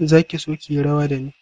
Zaki so kiyi rawa da ni?